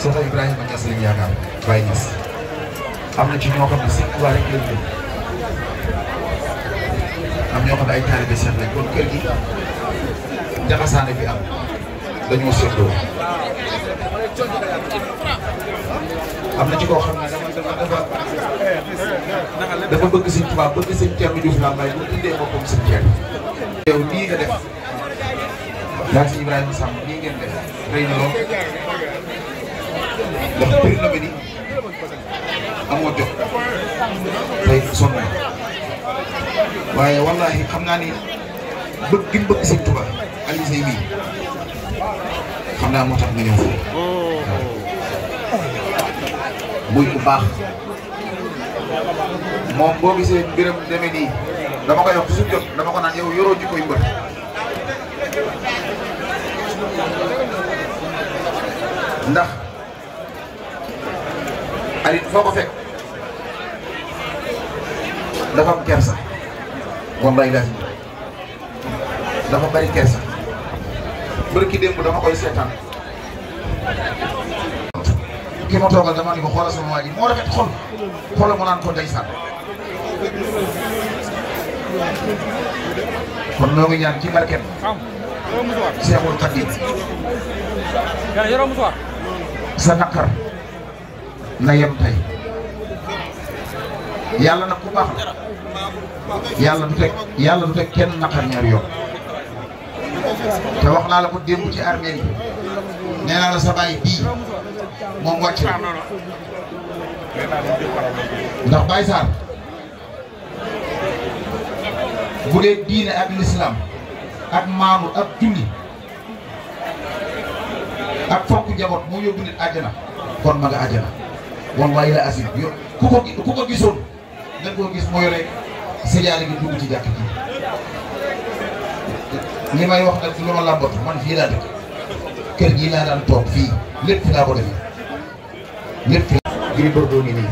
Cheikh Ibrahima Niass lañ yaakaar bay Niass am na ci ñoo xam ci si Tuubaa rek lañ gëm am ñoo xam ne ay taalibe Cheikh lañ ko kër gi jaxasaane bi am dañu seetloo am na ci ko xam dama dafa dafa bëgg Sëñ Tuubaa bëgg Sëñ Thierno Diouf Lambaye bu ko comme Sëñ Thierno. yow lii nga def yaa ibrahim Ibrahima Samb nii ngeen def rëy na ndax biir na bi nii amoo jot tey sonn na waaye wallaahi xam naa ni bëgg gi bëgg sëñ Tuubaa Aliou Seye xam naa moo tax nga ñëw muy bu baax moom boo gisee mbiram demee nii dama koy wax toujours jot dama ko naan yow yoroo ji koy ndax xarit foo fekk dafa am kersa wallaay laa dafa bari kersa bërki démb dama koy seetaan ki ma toogal dama ni ko xoolal sama waa ji moo rafet xol xoolal mu ko ndeysaan kon noo ngi ñaan ci barkeem Seexul Xadiim sa naqar na yem tey yàlla nag ku baax yàlla du teg yàlla du teg kenn naqar ñaari yoon te wax naa la ko démb ci armée bi nee naa la sa baay bii moom wàcc ndax Baye Sarr bu dee diine ak lislaam ak maanu ak julli ak fokk njaboot moo yóbbu nit àjjana kon ma nga àjjana wallahi la asin yo ku ko ku ko gisoon gis mooy rek séddaare bi dugg ci jàkk ji li may wax nag lu ma làmbatu man fii laa dëkk kër gi laa daan toog fii lépp fi laa ko defee lépp fi Gris Bordeaux ngi nii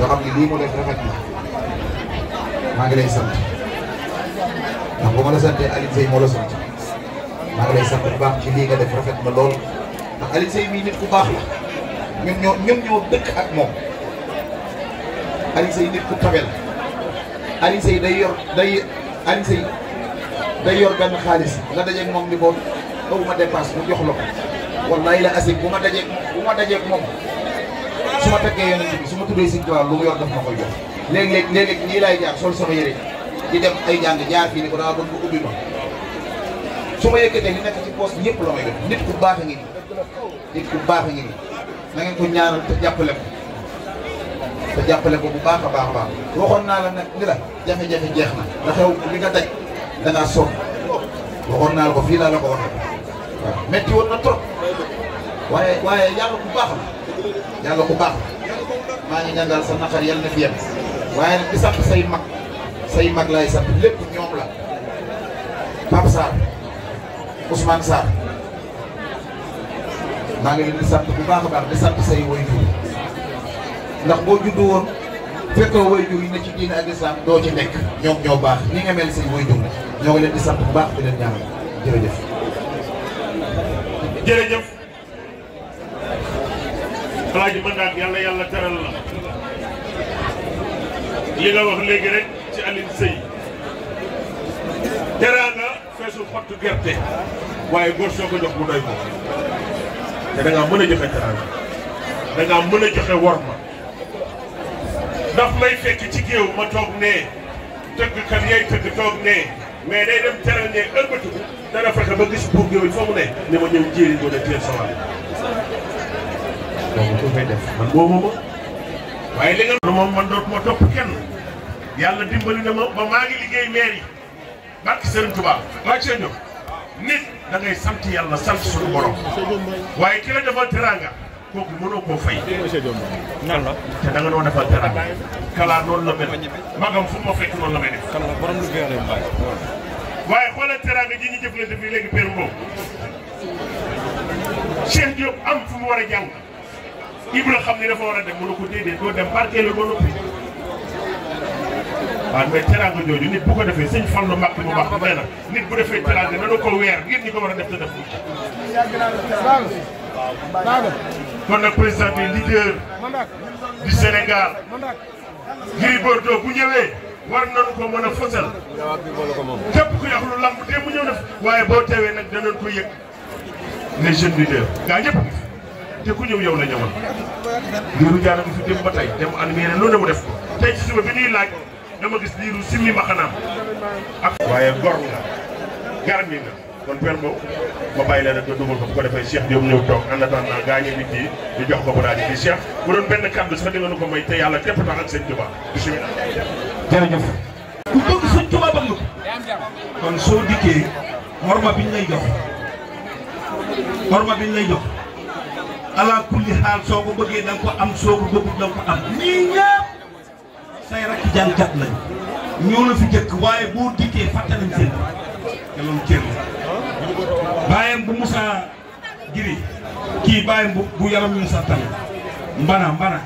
yoo xam ne lii mu def maa ngi lay sant ndax bu ma la santee Alioune Seye moo la sant maa ngi baax ci lii nga def rafet na lool Alioune yi mii nit ku baax la ñun ñoo ñun ñoo dëkk ak moom Alioune Seye nit ku tabel Alioune Seye day yor day Alioune Seye day yor benn xaalis nga dajeeg moom ni boobu aw ma dépense mu jox la ko wallaay la asib bu ma dajeeg bu ma dajeeg moom su ma takkee yonent su ma tuddee si Tuubaa lu mu yor daf ma koy jox léeg-léeg nii laay jaar sol sama yére di dem ay jàng jaar fii ni ko daa bëgg ubbi ma su ma yëkkatee ñu nekk ci poos bi ñëpp la may def nit ku baax a ngi nii nit ku baax a ngi nii na ngeen ko ñaanal te jàppale ko te jàppale ko bu baax a baax a baax waxoon naa la nag ni la jafe-jafe jeex na ndax yow li nga daj da ngaa sonn naa la ko fii laa la ko waxee waaw woon na trop waaye waaye yàlla ku baax la yàlla ku baax maa ngi ñaanal sa naqar yàlla na fi yem waaye nag di sant say mag say mag lay sant lépp ñoom la Pape Ousmane Sarr maa ngi leen di sant bu baax a baax di sant say waajur ndax boo juddu woon fekkoo waajur yi ne ci diine ak islam doo ci nekk ñoom ñoo baax li nga mel say waajur ñoo ngi leen di sant bu baax di leen ñaanal jërëjëf. jërëjëf Alaaji Mandaane yàlla yàlla teral la li nga wax léegi rek ci Alioune Seye. kaasu xottu gerte waaye goor soo ko jox mu doy ko te da ngaa mën a joxe teraanga da ngaa mën a joxe wor ma daf may fekk ci géew ma toog nee tëggkat yay tëgg toog nee mais day dem teral nee ëlbatiku dana fexe ba gis buur géew fa mu ne ni ma ñëw jéeri boo ne teel ma waaye li nga moom man dootuma topp kenn yàlla dimbali ma maa ngi liggéey maire barke Serigne Touba waa Thiel ñoom nit da ngay sant yàlla sant suñu borom waaye ki la defal teraanga kooku mënoo koo la te da nga doon defal teraanga. kala noonu la magam fu ma fekk noonu la may def. borom lu gën a waaye xoolal teraanga ji ñu jëflante fii léegi Père Mbow. Cheikh Diop am fu mu war a jàng Ibra xam ne dafa war a dem mënu ko déedéet doo dem barkeelu ba noppi. waaw mais teraanga jooju nit bu ko defee sëñ Fallu Mbàkke bu baax nee na nit bu defee teraanga dana ko weer ngir ñi ko war a def te def kon nag président bi leader du Sénégal Gris Bordeaux bu ñëwee war nañu ko mën a fësal képp ku yàq lu lamb te mu ñëw def waaye boo teewee nag danañ ko yëg les jeunes leaders gaa ñëpp te ku ñëw yow la ñëwal liiru jaana bi fi dem ba tey dem animé ne lu ne mu def ko tey ci suba bi ñuy laaj dama gis liiru simmi mbaxanaam ak waaye gor nga garmi nga kon per boobu ma bàyyi leen rek nga ko ko Cheikh en attendant nit yi jox ko di Cheikh bu doon benn kàddu sax di ko may te yàlla képp tax ak sëñ Touba bisimilah. jërëjëf. ku bëgg sëñ Touba bëgg ko. kon soo horma biñ lay jox horma biñ lay jox ala kulli xaal soo ko ko am ko am. say rakk jànkat lañ ñoo la fi jëkk waaye boo dikkee fàtte nañ seen te loolu cër la bàyyam bu Moussa Giri kii bàyyam bu bu yaram ñu sa tane mbana mbana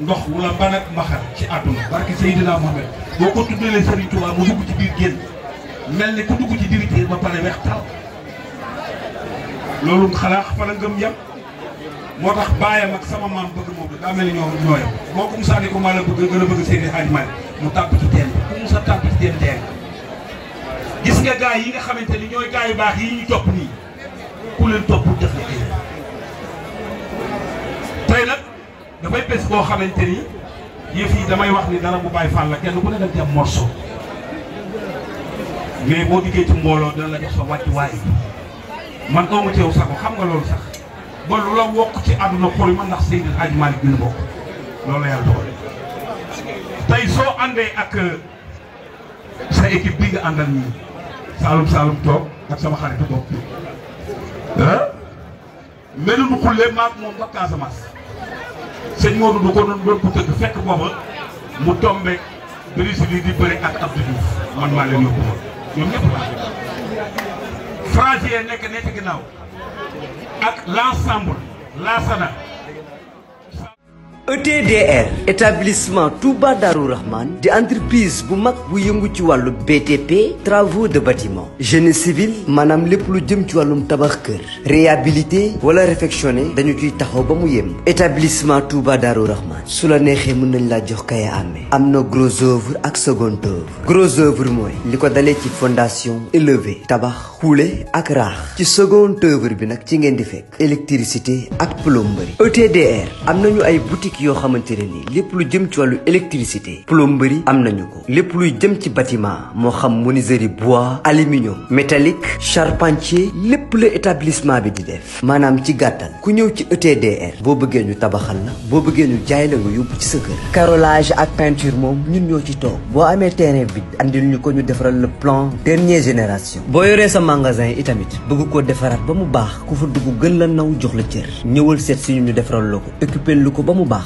ndox wala mbanak mbaxar ci àdduna barke Seydina Mohamed boo ko tuddalee Serigne Touba mu dugg ci biir génn mel ni ku dugg ci biir génn ba pare weex tal loolu xalaax fa la ngëm yam moo tax baayam ak sama maam bëgg moom daa mel ni ñoo ñooyam moo ko Moussa ni ko maa la gën a bëgg Seydi Hadji Malick mu tàpp ci teen bi ku Moussa tàpp ci teen teen gis nga gaay yi xamante ni ñooy gaay baax yi ñu topp nii ku leen topp def dafay bés boo xamante ni yëf yi damay wax ni dara bu bàyyi fan la kenn ku ne da morso mais boo diggee ci mbooloo dana la jox sa wàccuwaay man doomu teew sax xam nga loolu sax ba lu la wokk ci àdduna xuri ma ndax Seydi El Hadj Malick bi nu bokk loolu la yàlla dogal tey soo àndee ak euh, sa équipe bi nga àndal nii Saalum Saalum toog ak sama xaritu bopp bi ah melul mu xullee maag moom ba Casamance sëñ Modou du ko doon doon ko tëgg fekk booba mu tombe Brésil yi di bëri ak Abdou Diouf man maa leen yóbbu ñoom ñëpp laa. Français nekk ne ci ginnaaw. ak l'ensemble la SADA ETDR établissement Touba Darou Rahman di entreprise bu mak bu yëngu ci walu BTP travaux de bâtiment génie civil manam lepp lu jëm ci walum tabakh kër réhabilité wala réfectionné dañu ci taxaw ba mu établissement Touba Darou Rahman su la neexee mën nañ la jox kaya amee am gros œuvre ak second œuvre gros œuvre moy liko dalé ci fondation élevé tabakh xuule ak raax ci second œuvre bi nak ci ngeen di électricité ak plomberie ETDR amna ñu ay boutique les yoo xamante ne lu jëm ci électricité plomberie am les ko lépp luy jëm ci bâtiment mo xam menuiserie bois aluminium métallique charpentier les la établissement bi di def manam ci gàttal ku ñew ci ETDR bo bëggee ñu tabaxal la bo bëggee ñu jaay la nga ci sa kër carrelage ak peinture moom ñun ñoo ci tok bo amé terrain vide andil ñu ko ñu défaral le plan dernière génération bo yoré sa magasin itamit bëgg ko defaraat ba mu baax ku fa dugg gën la naw jox la cër ñëwal seet si ñu défaral defaral la lu ko ba mu baax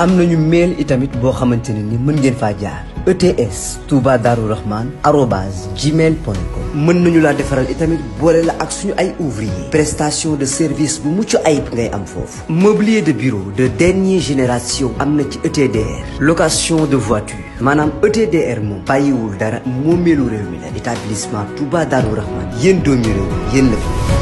am na nañu mail itamit boo xamante ne ni mën ngeen faa jaar ETS Touba Darou Rahman arobase gmail point com mën nañu laa defaral itamit boole la ak suñu ay ouvrier prestation de service bu mucc ayib ngay am foofu mobilier de bureau de dernière génération am na ci ETDR location de voiture maanaam ETDR moom bàyyiwul dara moomeelu réew mi la établissement Touba Darou Rahman yéen doomi réew yéen la